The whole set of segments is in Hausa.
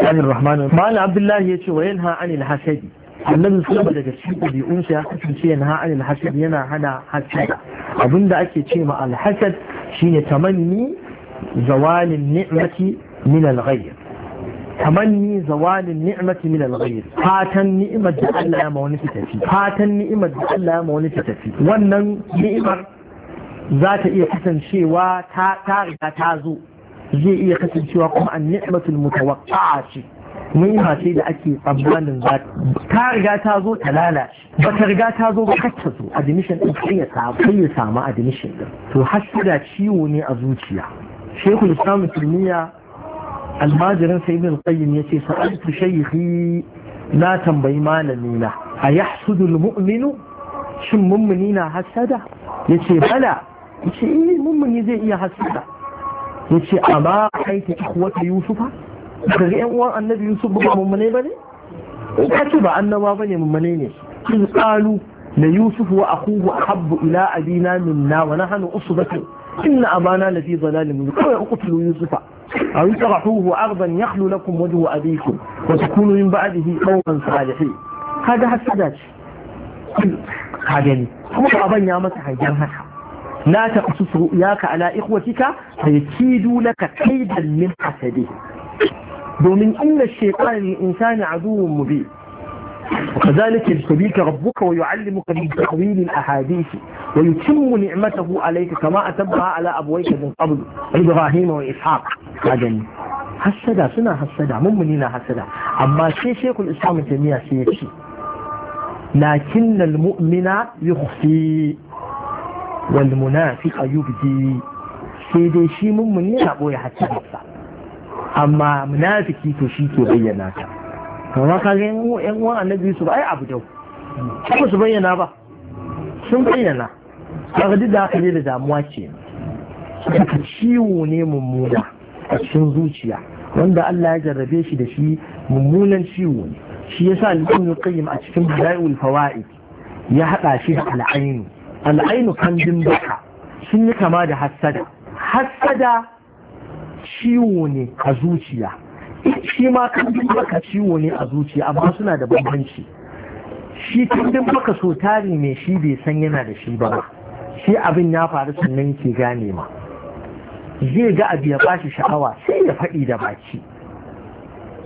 عن الرحمن ce عبد الله يتي وينهى عن الحسد annabi su ba daga cikin ɗabi'unsa ya kasance yana anil hasad yana hana hasad abinda ake ce ma alhasad shine tamanni zawalin ni'mati min alghayr tamanni zawalin ni'mati min fatan ni'mar da Allah ya ma wani ta tafi fatan da Allah ya ta tafi wannan ni'imar za ta iya kasancewa ta ta riga ta zo zai iya kasancewa kuma an ni'matul mutawaqqa ce ni'ima ce da ake tsammanin za ta riga ta zo ta lalace ba ta riga ta zo ba kacce zo admission din sai ya samu sai ya samu admission din to hasada ciwo ne a zuciya shekul islam tilmiya almajirin sai ibn qayyim yace sa'altu shaykhi na tambayi malami na a yahsudul mu'minu shin mummuni na hasada yace bala yace eh mummuni zai iya hasada ya ce a ba a yusufa annabi yusuf ba mummune ba ne ka ce ba annaba ba ne ne na yusuf wa akuhu habbu ila abina wa inna abana lafi dhalalin mubin kawai uqtulu yusufa aw yusrahuhu wa hasada ce kuma ya masa hajjar haka la taqsus ru'yaka ala ikhwatika fayakidu laka kaidan min hasadi domin inna shaytana lil insani aduwwun mubin وكذلك يجتبيك ربك ويعلمك من تأويل الأحاديث ويتم نعمته عليك كما أتبها على أبويك من قبل إبراهيم وإسحاق هذا hassada suna hassada mummuni na amma sai shekul islam jami'a sai ya ce mu'mina yukhfi wal munafiqa yubdi sai dai shi mummun yana boye hatta amma munafiki to shi ke bayyana ta amma ka ga yan uwan annabi su ai abu dau ko su bayyana ba sun bayyana kaga duk da haka ne da damuwa ce daga ciwo ne mummuna a cikin zuciya wanda Allah ya jarrabe shi da shi mummunan ciwo ne shi yasa al-Qayyim a cikin Bidayul Fawaid ya hada shi da al-ainu al'ainu kandin baka sun yi kama da hassada hassada ciwo ne a zuciya shi ma kandin baka ciwo ne a zuciya amma suna da bambanci shi kandin baka so tari mai shi bai san yana da shi ba shi abin ya faru sannan ke gane ma zai ga abu ya bashi sha'awa sai ya faɗi da baki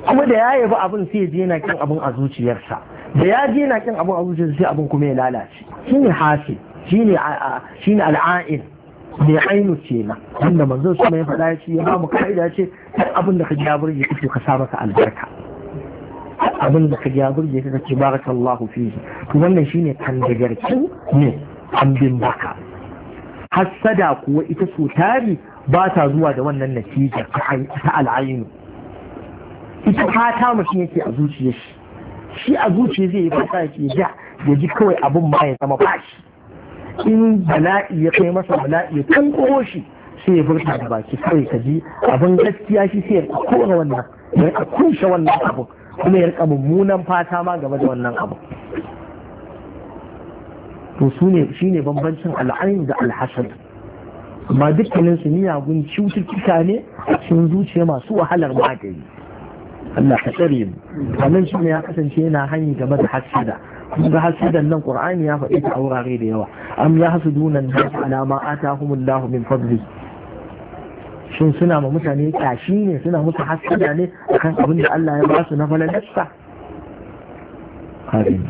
kuma da ya yabi abin sai je na kin abin a zuciyarsa da ya je na kin abin a zuciyarsa sai abin kuma ya lalace ne hasi shi ne al'ain mai ainu ce na wanda manzon su mai faɗa shi ya ba mu ka'ida ce abin da ka ji ya burge kake ka sa masa albarka abin da ka ji ya burge ka ce barakallahu fihi to wannan shine kan dagarkin ne an bin baka hassada kuwa ita so tari ba ta zuwa da wannan natija ta al'ainu ita fata mashi yake a zuciyar shi shi a zuciya zai yi fata ya ji kawai abin ma ya zama bashi in bala'i ya kai masa bala'i ya kan shi sai ya furta da baki kawai ka ji abin gaskiya shi sai ya kora wannan ya rika kunshe wannan abu kuma ya rika mummunan fata ma game da wannan abu to su shi ne bambancin al'ain da alhasad amma dukkanin su miyagun cututtuka ne sun zuciya masu wahalar magani الناحة شريم فمن شمع حسن شينا حينك مدحك شدا مدحك شدا لن قرآن يا فإيت أورا غير يوا أم يحسدون الناس على ما آتاهم الله من فضله شون سنة ممتنة يعني كاشينة سنة متحك شدا لي يعني أخان أبن الله يبعث نفل الأسفة هذه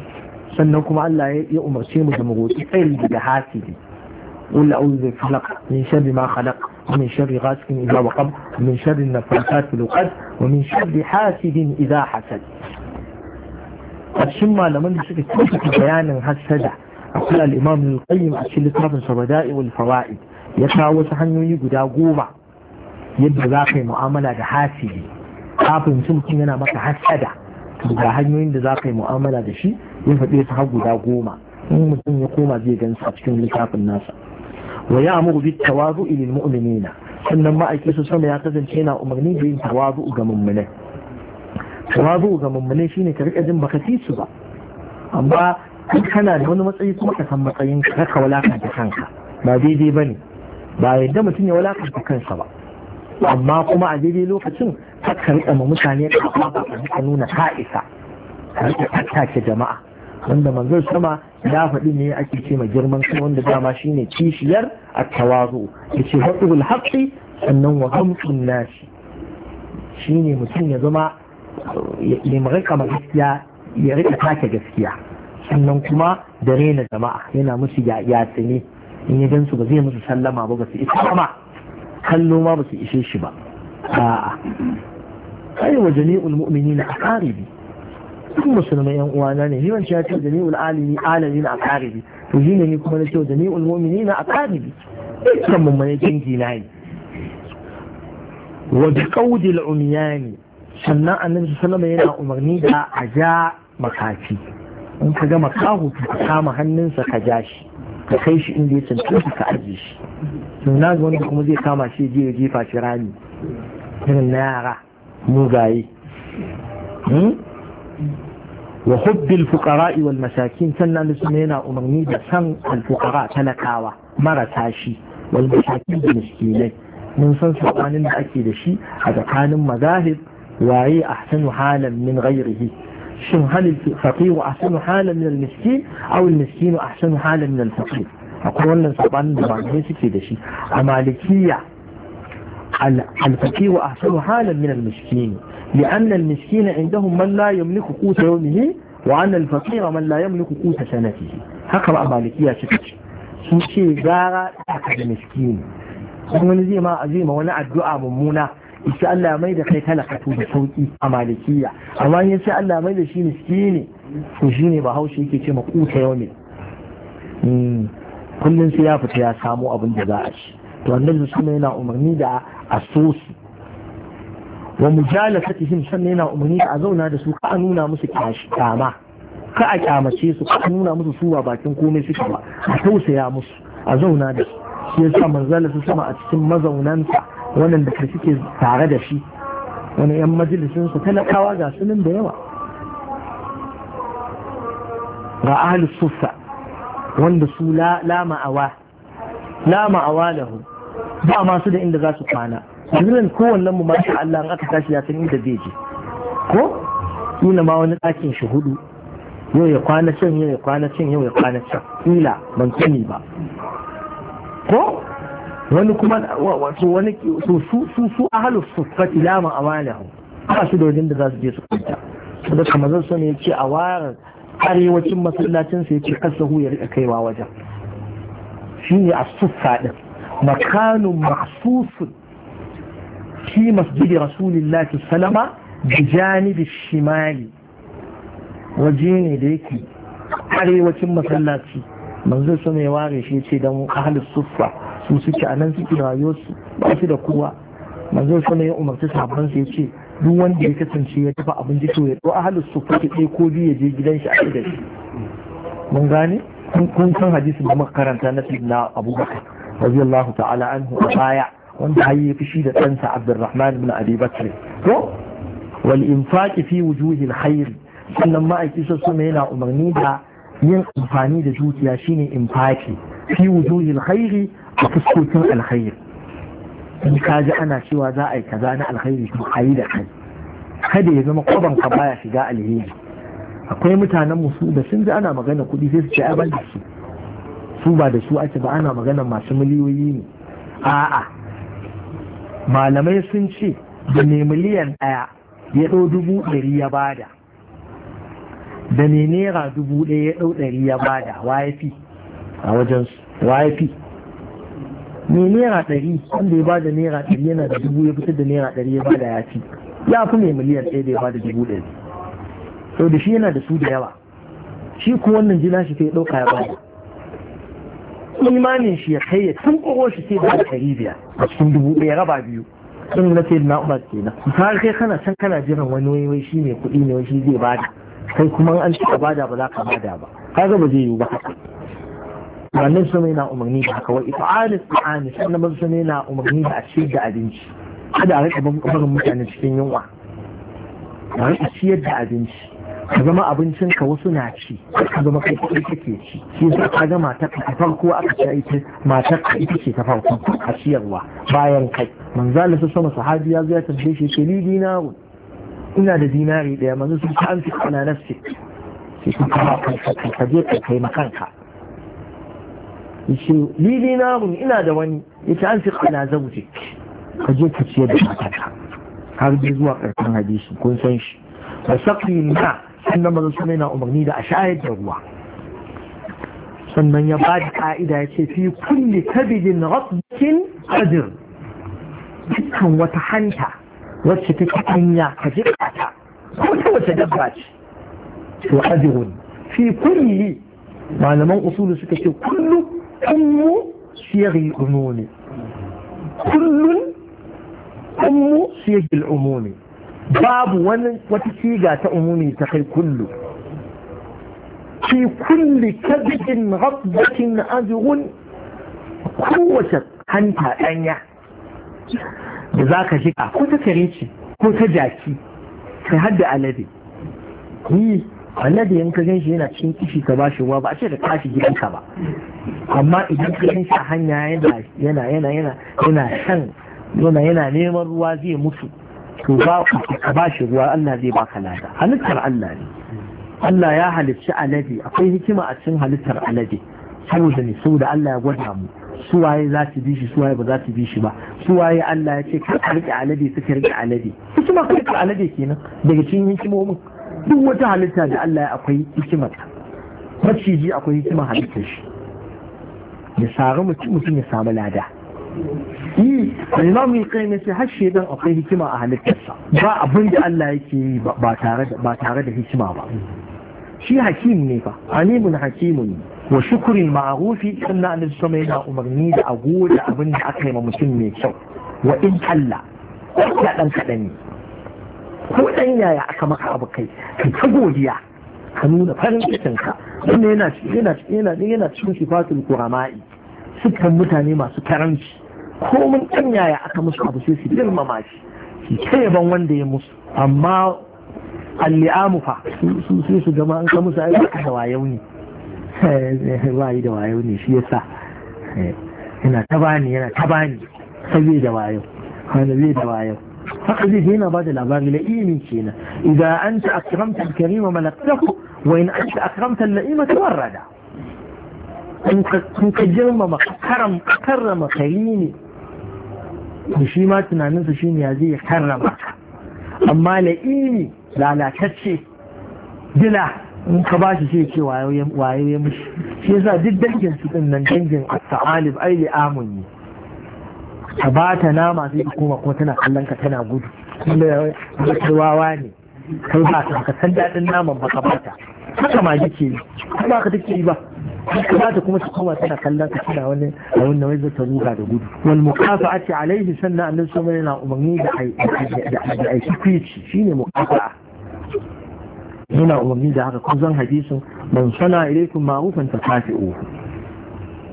سنكم الله يؤمر شيء مجموغوت إلي إيه بحاسدي قل أعوذ بفلق من شر ما خلق ومن شر غاسك إذا وقب من شر النفاسات في الوقت ومن شر حاسد إذا حسد أشمع لمن سكت كنت بيانا حسدا أقول الإمام القيم أشل طرف صبداء والفوائد يتعوى سحن يقول أقوبة yi mu'amala da حاسد kafin mutum yana maka hasada ga hanyoyin da za ka yi mu'amala da shi ya faɗi su har guda goma in mutum ya koma zai gan a cikin littafin nasa wa ya amuru bi tawazu ilil mu'minina sannan ma'aiki su sama ya kasance yana umarni da yin tawazu ga mummune tawazu ga mummunai shine ka rika jin baka ci ba amma in kana da wani matsayi kuma ka san matsayin ka ka da kanka ba daidai ne. ba yadda mutum ya walakanta kansa ba amma kuma a daidai lokacin ka rika ma mutane ka nuna ka'isa ka rika tattake jama'a wanda manzon sama ya faɗi ne ake ce ma girman kai wanda dama shine kishiyar التواضع يتي وضع الحق أنه وغمط الناس شيني مسلم يزمع يمغيق ya يغيق take gaskiya. sannan kuma da rena jama'a yana musu yatsini in ya gansu ba zai musu sallama ba ba su isa ma kallo ma ba su ishe shi ba a'a kai wa jami'ul mu'minina aqaribi duk musulmai yan uwana ne yawanci ya ce jami'ul alimi alamin aqaribi to shi ne kuma na cewa jami'ul mu'minina a ƙaribi Kan mummune dangi na ne wa bi qawdil umyani sannan annabi sallallahu alaihi yana umarni da a ja makafi in ka ga makahu ka kama hannunsa ka ja shi ka kai shi inda ya tantu ka aje shi to na ga wanda kuma zai kama shi je ya jefa shi rami irin na yara mugaye hmm? wa hubbil fuqara'i wal masakin sannan da suna yana umarni da san alfuqara talakawa marasa shi wal masakin da miskinai mun san sabanin da ake da shi a tsakanin mazahib waye ahsanu halan min ghairihi shin hal wa ahsanu halan min al aw al miskin ahsanu halan min al akwai wannan sabanin da malamai suke da shi a malikiya الفقير أحسن حالا من المسكين لأن المسكين عندهم من لا يملك قوت يومه وأن الفقير من لا يملك قوت سنته هكذا مالكية شكش sun ce gara aka da miskini wani zai ma zai ma wani addu'a mummuna yace Allah mai da kai talaka to da sauki a malikiya amma in yace Allah mai da shi miskini to shine ba haushi yake ce ma yau ne kullum sai ya fita ya samo abin da za to yana umarni da asusu wa mujalasatihim sannan yana umarni a zauna da su ka a nuna musu kyama ka a kyamace su ka a nuna musu suwa bakin komai suke ba a tausaya musu a zauna da su shi yasa manzala su sama a cikin mazaunansa waɗanda ka suke tare da shi wani yan majalisinsa talakawa ga su nan da yawa ga ahli sufa wanda su la ma'awa la ma'awa lahu ba masu da inda za su kwana yanzu kowannen mu masha Allah in aka tashi ya san inda zai je ko ina ma wani ɗakin shi hudu yau ya kwana can yau ya kwana can yau ya kwana can ila ban sani ba ko wani kuma wato wani su su su ahlus suffati la ma amalahu ba su da wajen da za su je su kwanta saboda kamar zan so ne ce a warar arewacin masallacin ce yace kasahu ya rika kaiwa wajen shi ne a suffa din مكان مخصوص في مسجد رسول الله صلى الله عليه وسلم بجانب الشمال وجيني ديكي علي وكم مسلاتي manzo su mai ware shi ce don ahalus suffa su suke a nan suke rayuwarsu ba su da kowa manzo su mai umarci sabon su ya ce duk wanda ya kasance ya dafa abinci to ya ɗau ahalus suffa ke ɗaya ko biyu ya je gidan shi a da shi mun gane kun san hadisi da karanta na sidna abubakar radiyallahu ta'ala anhu a baya wanda har yi fushi da ɗansa Abdulrahman ibn Abi Bakr to wal infaqi fi wujuhil khair sannan ma'aiki sosai yana umarni da yin amfani da dukiya shine infaqi fi wujuhil khair a fuskokin alkhair in ka ji ana cewa za a yi kaza na alkhairi to a da kai kada ya zama kwaban ka baya shiga alheri akwai mutanen musu da sun ji ana magana kuɗi sai su ce ai ban su su ba da su ake ba ana magana masu miliyoyi ne a'a malamai sun ce da ne miliyan ɗaya ya ɗau dubu ɗari ya bada da ne naira dubu ɗaya ya ɗau ɗari ya bada waye a wajen waye ne mai naira ɗari wanda ya bada naira ɗari yana da dubu ya fitar da naira ɗari ya bada ya fi ya fi ne miliyan ɗaya da ya bada dubu ɗari sau da shi yana da su da yawa shi ko wannan jina shi ke ɗauka ya bada imanin shi ya kai ya tunkuro shi sai da ɗari biyar a cikin dubu ɗaya raba biyu sun na sai na umar kenan har kai kana can kana jiran wani wai shi mai kuɗi ne wai shi zai bada kai kuma an cika bada ba za ka bada ba kaga ba zai yiwu ba haka wannan sun mai na umarni da haka wai? ifa'alis ta'ani sannan sun su na umarni da a ciyar da abinci kada a rika barin mutane cikin yunwa a rika ciyar da abinci ka zama abincin ka wasu na ci ka zama kai kai kake ci shi yasa ka ga matar ka farko aka ce ita matar ka ita ce ta farko a ciyarwa bayan kai manzala su sama sahabi ya zo ya tambaye shi ke ni dinaru ina da dinari daya manzo sun ka an fi kana nafsi sai ka kama kanka ka je ka kai makanka yace ni dinaru ina da wani yace an fi kana zauje ka je ka ciyar da matarka har dai zuwa karshen hadisi kun san shi wa saqi ma sannan mazan sama yana umarni da a shayar da ruwa sannan ya ba da ka'ida ya ce fi kulle kabijin rasbikin ajir dukkan wata hanta wacce take hanya ka ji ta ko ta wace dabba ce to ajirun fi kulli malaman usulu suka ce kullu ummu siyari umumi kullun ummu siyari umumi babu wani wata siga ta umumi ta kai kullu fi kulli kadidin rabbatin azrun kowace hanta ɗanya da za ka shiga ko ta kare ce ko ta jaki kai hadda alade yi alade in ka ganshi yana cikin kishi ka ba ruwa ba a ce da kashi gidanka ba amma idan ka ganshi a hanya yana yana yana yana yana shan yana yana neman ruwa zai mutu to ba ka ba shi ruwa Allah zai baka lada halittar Allah ne Allah ya halicci alade akwai hikima a cikin halittar alade saboda ne saboda Allah ya gwada mu Su waye za su bi shi waye ba za su bi shi ba waye Allah ya ce kar a rike alade suka rike alade hikima ka rike alade kenan daga cikin hikimomin duk wata halitta da Allah ya akwai ta. maciji akwai hikima halittar shi ya sari mutum ya samu lada yi imam kai ne sai har dan akwai hikima a halittarsa ba abin da Allah yake yi ba tare da hikima ba shi hakim ne fa alimun hakimun wa Shukrin ma'arufi sannan annabi sama yana umarni da a gode abin da aka yi ma mutum mai kyau wa in Allah ya dan kaɗan ne ko dan yaya aka maka abu kai ka godiya ka nuna farin cikinka wannan yana yana yana yana cikin sifatul qurama'i sukan mutane masu karanci mun ɗan yaya aka musu abu sai su girmama shi su ce yaban wanda ya musu amma alli'amu fa su sai su gama an ka musu aiki da wayau ne wayi eh, da wayau ne shi yasa eh, yana ta bani yana ta bani sai da wayau wanda zai da wayau haka zai yana ba da labari la'imi kenan idan anta akramta al-karima malaktahu wa in ci akramta al-la'ima tawarrada Kun ka girmama karam karrama kai ne da shi ma tunaninsa shi ne ya zai karrama amma ini, lalatacce dila in ka ba shi sai ce waye ya mushi shi yasa duk dangin su din nan dangin ta'alib ai li amun ka ba nama sai ka koma kuma tana kallon ka tana gudu kuma ya wawa ne kai ba ka san daɗin naman ba ka ba ta haka ma yake ba ka take yi ba kamata kuma su koma tana kallon ka tana wani a wannan wai zata ruga da gudu a ce alaihi sannan annabi sallallahu na umarni da aiki aiki shi ne mukafa'a yana umarni da haka kun zan hadisin man sana ilaikum ma'rufan takafi'u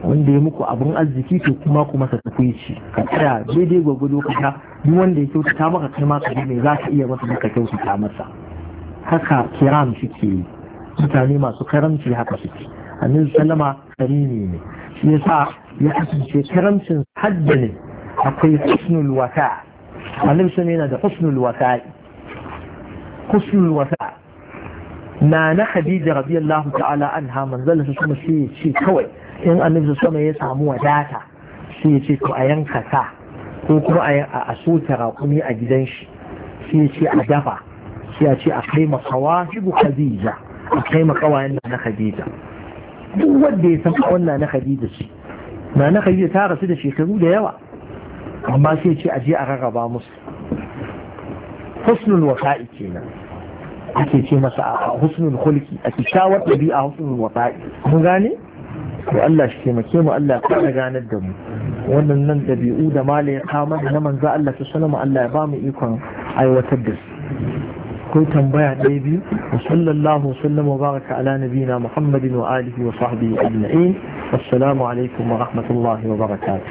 wanda ya muku abin arziki to kuma kuma sa tafici ka tsaya daidai gwagwado ka ta duk wanda ya kyautata maka kai ma ka mai za ka iya masa maka kyautata masa haka kiram suke yi mutane masu karamci haka suke annabi Salama karimi ne shi yasa ya kasance karamcin hajji ne akwai husnul wata annabi sallama yana da husnul wata husnul wata na na khadija radiyallahu ta'ala anha manzon su kuma sai ya ce kawai in annabi sallama ya samu wadata sai ya ce to a yanka sa ko kuma a soke raƙumi a gidan shi sai ya ce a dafa sai ya ce a kai makawa shi khadija a kai makawa yana na khadija duk wanda ya san wannan na Khadija ce na na Khadija ta rasu da shekaru da yawa amma sai ce aje a rarraba musu husnul wafa'i kenan ake ce masa a husnul khulqi a kishawar dabi'a husnul wafa'i mun gane to Allah shi taimake mu Allah ya ganar da mu wannan nan dabi'u da mali ya kama da na manzo Allah sallallahu alaihi Allah ya ba mu ikon aiwatar da su akwai tambaya ɗaya biyu wa sallallahu sallam wa baraka ala nabina muhammadin wa alihi wa sahbihi ajma'in assalamu alaikum wa rahmatullahi wa barakatuh